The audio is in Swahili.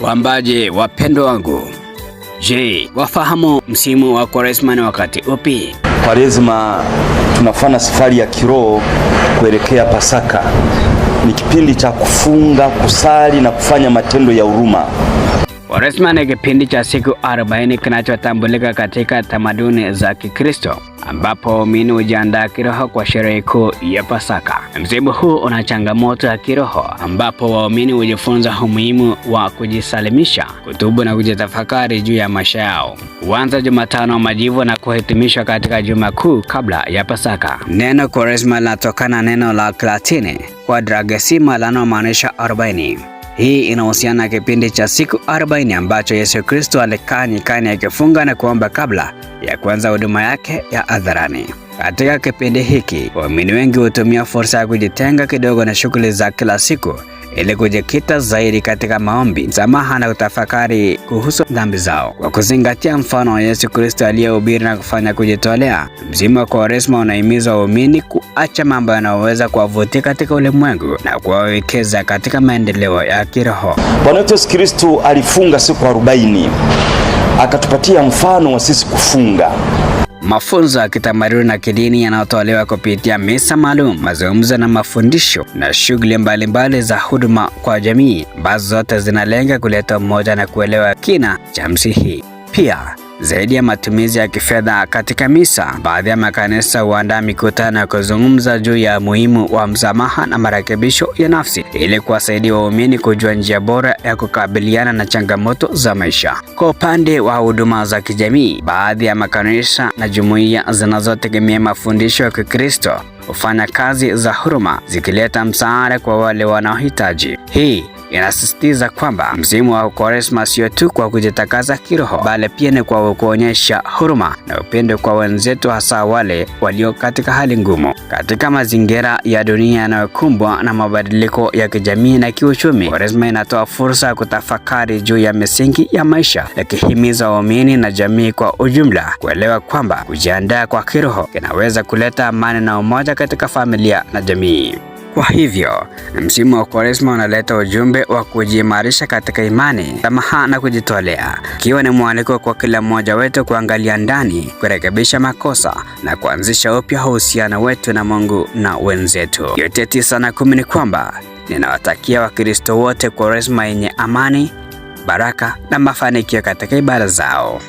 Wambaje wapendo wangu, je, wafahamu msimu wa Kwaresma ni wakati upi? Kwaresma tunafana safari ya kiroho kuelekea Pasaka. Ni kipindi cha kufunga, kusali na kufanya matendo ya huruma. Kwaresma ni kipindi cha siku 40 kinachotambulika katika tamaduni za Kikristo ambapo waumini hujiandaa kiroho kwa sherehe kuu ya Pasaka. Msimu huu una changamoto ya kiroho ambapo waumini hujifunza umuhimu wa kujisalimisha, kutubu na kujitafakari juu ya maisha yao. Huanza Jumatano wa Majivu na kuhitimishwa katika Juma Kuu kabla ya Pasaka. Neno Kwaresma linatokana neno la Kilatini dragesima linalomaanisha 40. Hii inahusiana na kipindi cha siku 40 ambacho Yesu Kristo alikaa nyikani akifunga na kuomba kabla ya kuanza huduma yake ya hadharani. Katika kipindi hiki, waumini wengi hutumia fursa ya kujitenga kidogo na shughuli za kila siku ili kujikita zaidi katika maombi, msamaha na kutafakari kuhusu dhambi zao, kwa kuzingatia mfano wa Yesu Kristo aliyehubiri na kufanya kujitolea. Msimu wa Kwaresma unahimiza waumini kuacha mambo yanayoweza kuwavutia katika ulimwengu na kuwawekeza katika maendeleo ya kiroho. Bwana wetu Yesu Kristo alifunga siku arobaini, akatupatia mfano wa sisi kufunga mafunzo ya kitamaduni na kidini yanayotolewa kupitia misa maalum, mazungumzo na mafundisho na shughuli mbalimbali za huduma kwa jamii ambazo zote zinalenga kuleta umoja na kuelewa kina cha msihi. Pia zaidi ya matumizi ya kifedha katika misa, baadhi ya makanisa huandaa mikutano ya kuzungumza juu ya muhimu wa msamaha na marekebisho ya nafsi ili kuwasaidia waumini kujua njia bora ya kukabiliana na changamoto za maisha. Kwa upande wa huduma za kijamii, baadhi ya makanisa na jumuiya zinazotegemea mafundisho ya Kikristo hufanya kazi za huruma zikileta msaada kwa wale wanaohitaji. Hii inasisitiza kwamba msimu wa Kwaresma sio tu kwa kujitakasa kiroho, bali pia ni kwa kuonyesha huruma na upendo kwa wenzetu, hasa wale walio katika hali ngumu. Katika mazingira ya dunia yanayokumbwa na mabadiliko ya kijamii na kiuchumi, Kwaresma inatoa fursa ya kutafakari juu ya misingi ya maisha, yakihimiza waumini na jamii kwa ujumla kuelewa kwamba kujiandaa kwa kiroho kinaweza kuleta amani na umoja katika familia na jamii. Kwa hivyo, msimu wa Kwaresma unaleta ujumbe wa kujiimarisha katika imani, samaha na kujitolea, ikiwa ni mwaliko kwa kila mmoja wetu kuangalia ndani, kurekebisha makosa na kuanzisha upya uhusiano wetu na Mungu na wenzetu. Yote tisa na kumi ni kwamba ninawatakia Wakristo wote Kwaresma yenye amani, baraka na mafanikio katika ibada zao.